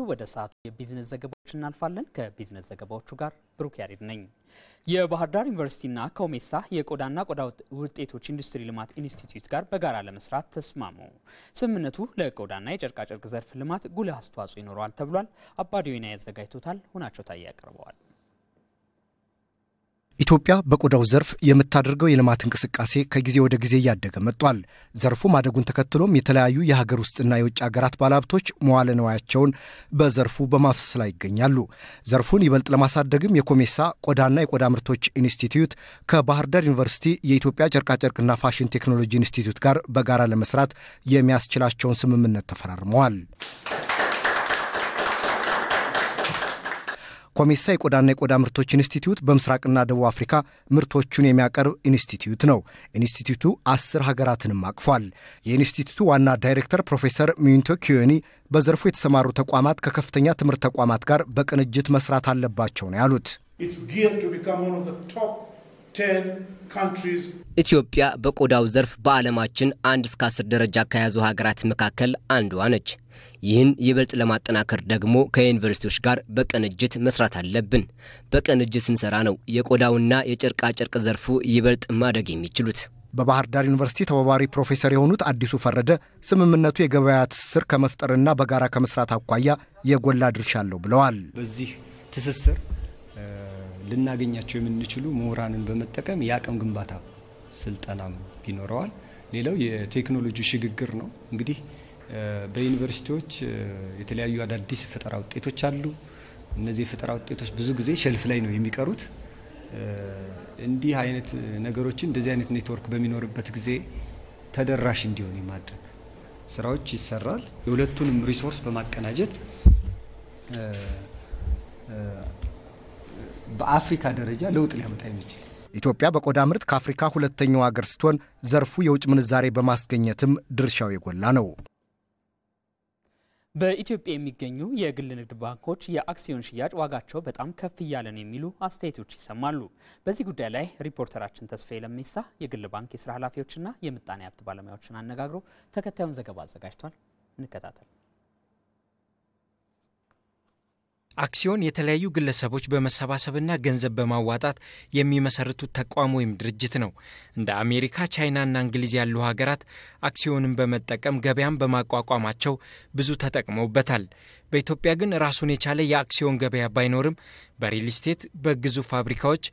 አብራችሁ ወደ ሰዓቱ የቢዝነስ ዘገባዎች እናልፋለን። ከቢዝነስ ዘገባዎቹ ጋር ብሩክ ያሬድ ነኝ። የባህር ዳር ዩኒቨርሲቲና ኮሜሳ የቆዳና ቆዳ ውጤቶች ኢንዱስትሪ ልማት ኢንስቲትዩት ጋር በጋራ ለመስራት ተስማሙ። ስምምነቱ ለቆዳና የጨርቃጨርቅ ዘርፍ ልማት ጉልህ አስተዋጽኦ ይኖረዋል ተብሏል። አባዲዮና ያዘጋጅቶታል። ሆናቸው ታዬ ያቀርበዋል። ኢትዮጵያ በቆዳው ዘርፍ የምታደርገው የልማት እንቅስቃሴ ከጊዜ ወደ ጊዜ እያደገ መጥቷል። ዘርፉ ማደጉን ተከትሎም የተለያዩ የሀገር ውስጥና የውጭ ሀገራት ባለሀብቶች መዋለ ንዋያቸውን በዘርፉ በማፍሰስ ላይ ይገኛሉ። ዘርፉን ይበልጥ ለማሳደግም የኮሜሳ ቆዳና የቆዳ ምርቶች ኢንስቲትዩት ከባህር ዳር ዩኒቨርሲቲ የኢትዮጵያ ጨርቃጨርቅና ፋሽን ቴክኖሎጂ ኢንስቲትዩት ጋር በጋራ ለመስራት የሚያስችላቸውን ስምምነት ተፈራርመዋል። ኮሜሳ የቆዳና የቆዳ ምርቶች ኢንስቲትዩት በምስራቅና ደቡብ አፍሪካ ምርቶቹን የሚያቀርብ ኢንስቲትዩት ነው። ኢንስቲትዩቱ አስር ሀገራትንም አቅፏል። የኢንስቲትዩቱ ዋና ዳይሬክተር ፕሮፌሰር ሚንቶ ኪዮኒ በዘርፉ የተሰማሩ ተቋማት ከከፍተኛ ትምህርት ተቋማት ጋር በቅንጅት መስራት አለባቸው ነው ያሉት። ኢትዮጵያ በቆዳው ዘርፍ በዓለማችን አንድ እስከ አስር ደረጃ ከያዙ ሀገራት መካከል አንዷ ነች። ይህን ይበልጥ ለማጠናከር ደግሞ ከዩኒቨርሲቲዎች ጋር በቅንጅት መስራት አለብን። በቅንጅት ስንሰራ ነው የቆዳውና የጨርቃ ጨርቅ ዘርፉ ይበልጥ ማደግ የሚችሉት። በባህር ዳር ዩኒቨርሲቲ ተባባሪ ፕሮፌሰር የሆኑት አዲሱ ፈረደ ስምምነቱ የገበያ ትስስር ከመፍጠርና በጋራ ከመስራት አኳያ የጎላ ድርሻ አለው ብለዋል። በዚህ ትስስር ልናገኛቸው የምንችሉ ምሁራንን በመጠቀም የአቅም ግንባታ ስልጠናም ይኖረዋል። ሌላው የቴክኖሎጂ ሽግግር ነው እንግዲህ በዩኒቨርሲቲዎች የተለያዩ አዳዲስ ፈጠራ ውጤቶች አሉ። እነዚህ የፈጠራ ውጤቶች ብዙ ጊዜ ሸልፍ ላይ ነው የሚቀሩት። እንዲህ አይነት ነገሮችን እንደዚህ አይነት ኔትወርክ በሚኖርበት ጊዜ ተደራሽ እንዲሆን የማድረግ ስራዎች ይሰራል። የሁለቱንም ሪሶርስ በማቀናጀት በአፍሪካ ደረጃ ለውጥ ሊያመጣ የሚችል ኢትዮጵያ በቆዳ ምርት ከአፍሪካ ሁለተኛው ሀገር ስትሆን ዘርፉ የውጭ ምንዛሬ በማስገኘትም ድርሻው የጎላ ነው። በኢትዮጵያ የሚገኙ የግል ንግድ ባንኮች የአክሲዮን ሽያጭ ዋጋቸው በጣም ከፍ እያለ ነው የሚሉ አስተያየቶች ይሰማሉ። በዚህ ጉዳይ ላይ ሪፖርተራችን ተስፋዬ ለሜሳ የግል ባንክ የስራ ኃላፊዎችና የምጣኔ ሀብት ባለሙያዎችን አነጋግሮ ተከታዩን ዘገባ አዘጋጅቷል። እንከታተል። አክሲዮን የተለያዩ ግለሰቦች በመሰባሰብና ገንዘብ በማዋጣት የሚመሰርቱት ተቋም ወይም ድርጅት ነው። እንደ አሜሪካ፣ ቻይናና እንግሊዝ ያሉ ሀገራት አክሲዮንን በመጠቀም ገበያን በማቋቋማቸው ብዙ ተጠቅመውበታል። በኢትዮጵያ ግን ራሱን የቻለ የአክሲዮን ገበያ ባይኖርም በሪል ስቴት፣ በግዙፍ ፋብሪካዎች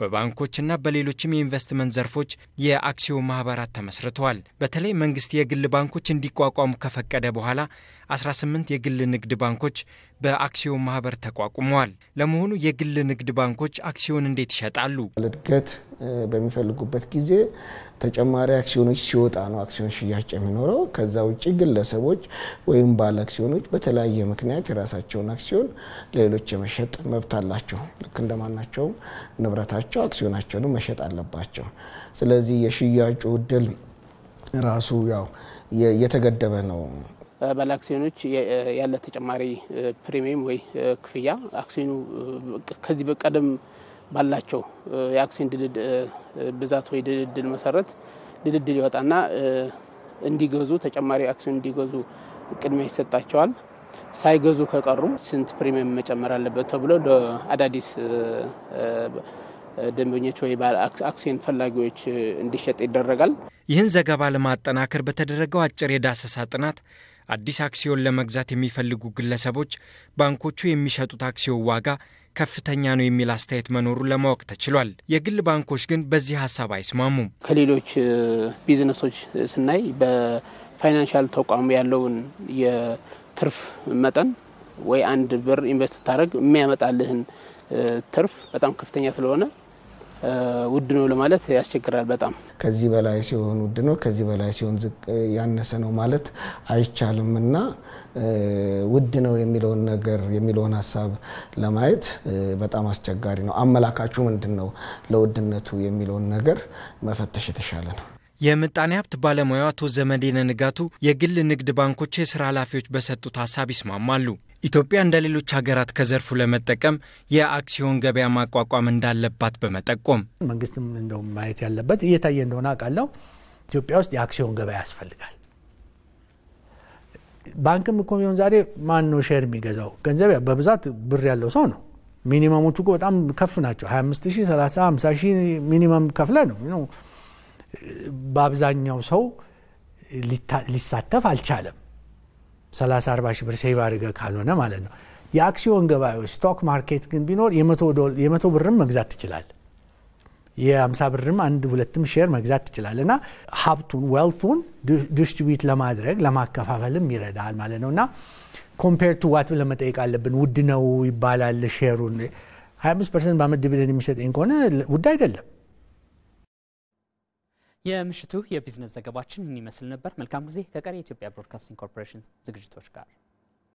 በባንኮችና በሌሎችም የኢንቨስትመንት ዘርፎች የአክሲዮን ማህበራት ተመስርተዋል። በተለይ መንግስት የግል ባንኮች እንዲቋቋሙ ከፈቀደ በኋላ 18 የግል ንግድ ባንኮች በአክሲዮን ማህበር ተቋቁመዋል። ለመሆኑ የግል ንግድ ባንኮች አክሲዮን እንዴት ይሸጣሉ? እድገት በሚፈልጉበት ጊዜ ተጨማሪ አክሲዮኖች ሲወጣ ነው አክሲዮን ሽያጭ የሚኖረው። ከዛ ውጭ ግለሰቦች ወይም ባለ አክሲዮኖች በተለያየ ምክንያት የራሳቸውን አክሲዮን ለሌሎች የመሸጥ መብት አላቸው። ልክ እንደማናቸውም ንብረታቸው አክሲዮናቸውንም መሸጥ አለባቸው። ስለዚህ የሽያጩ እድል ራሱ ያው የተገደበ ነው። ባለአክሲዮኖች ያለ ተጨማሪ ፕሪሚየም ወይ ክፍያ አክሲዮኑ ከዚህ በቀደም ባላቸው የአክሲዮን ድልድል ብዛት ወይ ድልድል መሰረት ድልድል ይወጣና እንዲገዙ ተጨማሪ አክሲዮን እንዲገዙ ቅድሚያ ይሰጣቸዋል። ሳይገዙ ከቀሩ ስንት ፕሪሚየም መጨመር አለበት ተብሎ ለአዳዲስ ደንበኞች ወይ አክሲዮን ፈላጊዎች እንዲሸጥ ይደረጋል። ይህን ዘገባ ለማጠናከር በተደረገው አጭር የዳሰሳ ጥናት አዲስ አክሲዮን ለመግዛት የሚፈልጉ ግለሰቦች ባንኮቹ የሚሸጡት አክሲዮን ዋጋ ከፍተኛ ነው የሚል አስተያየት መኖሩን ለማወቅ ተችሏል። የግል ባንኮች ግን በዚህ ሀሳብ አይስማሙም። ከሌሎች ቢዝነሶች ስናይ በፋይናንሻል ተቋም ያለውን የትርፍ መጠን ወይ አንድ ብር ኢንቨስት ታደረግ የሚያመጣልህን ትርፍ በጣም ከፍተኛ ስለሆነ ውድ ነው ለማለት ያስቸግራል። በጣም ከዚህ በላይ ሲሆን ውድ ነው፣ ከዚህ በላይ ሲሆን ያነሰ ነው ማለት አይቻልም እና ውድ ነው የሚለውን ነገር የሚለውን ሀሳብ ለማየት በጣም አስቸጋሪ ነው። አመላካቹ ምንድን ነው ለውድነቱ የሚለውን ነገር መፈተሽ የተሻለ ነው። የምጣኔ ሀብት ባለሙያው አቶ ዘመዴነ ንጋቱ የግል ንግድ ባንኮች የስራ ኃላፊዎች በሰጡት ሀሳብ ይስማማሉ። ኢትዮጵያ እንደ ሌሎች ሀገራት ከዘርፉ ለመጠቀም የአክሲዮን ገበያ ማቋቋም እንዳለባት በመጠቆም መንግስትም እንደው ማየት ያለበት እየታየ እንደሆነ አውቃለሁ። ኢትዮጵያ ውስጥ የአክሲዮን ገበያ ያስፈልጋል። ባንክም እኮ ቢሆን ዛሬ ማን ነው ሼር የሚገዛው? ገንዘብ በብዛት ብር ያለው ሰው ነው። ሚኒመሞቹ በጣም ከፍ ናቸው። 25 ሺህ 30 50 ሺህ ሚኒመም ከፍለ ነው። በአብዛኛው ሰው ሊሳተፍ አልቻለም። 30 40 ሺህ ብር ሴቭ አድርገ ካልሆነ ማለት ነው። የአክሲዮን ገበያ ስቶክ ማርኬት ግን ቢኖር የመቶ ብርም መግዛት ትችላል። የ50 ብርም አንድ ሁለትም ሼር መግዛት ትችላል እና ሀብቱን ዌልቱን ዲስትሪቢዩት ለማድረግ ለማከፋፈልም ይረዳል ማለት ነው እና ኮምፔር ቱ ዋት ብለህ መጠየቅ አለብን። ውድ ነው ይባላል ሼሩን 25 ፐርሰንት በአመት ዲቪደንድ የሚሰጠኝ ከሆነ ውድ አይደለም። የምሽቱ የቢዝነስ ዘገባችን ይመስል ነበር። መልካም ጊዜ ከቀሪ የኢትዮጵያ ብሮድካስቲንግ ኮርፖሬሽን ዝግጅቶች ጋር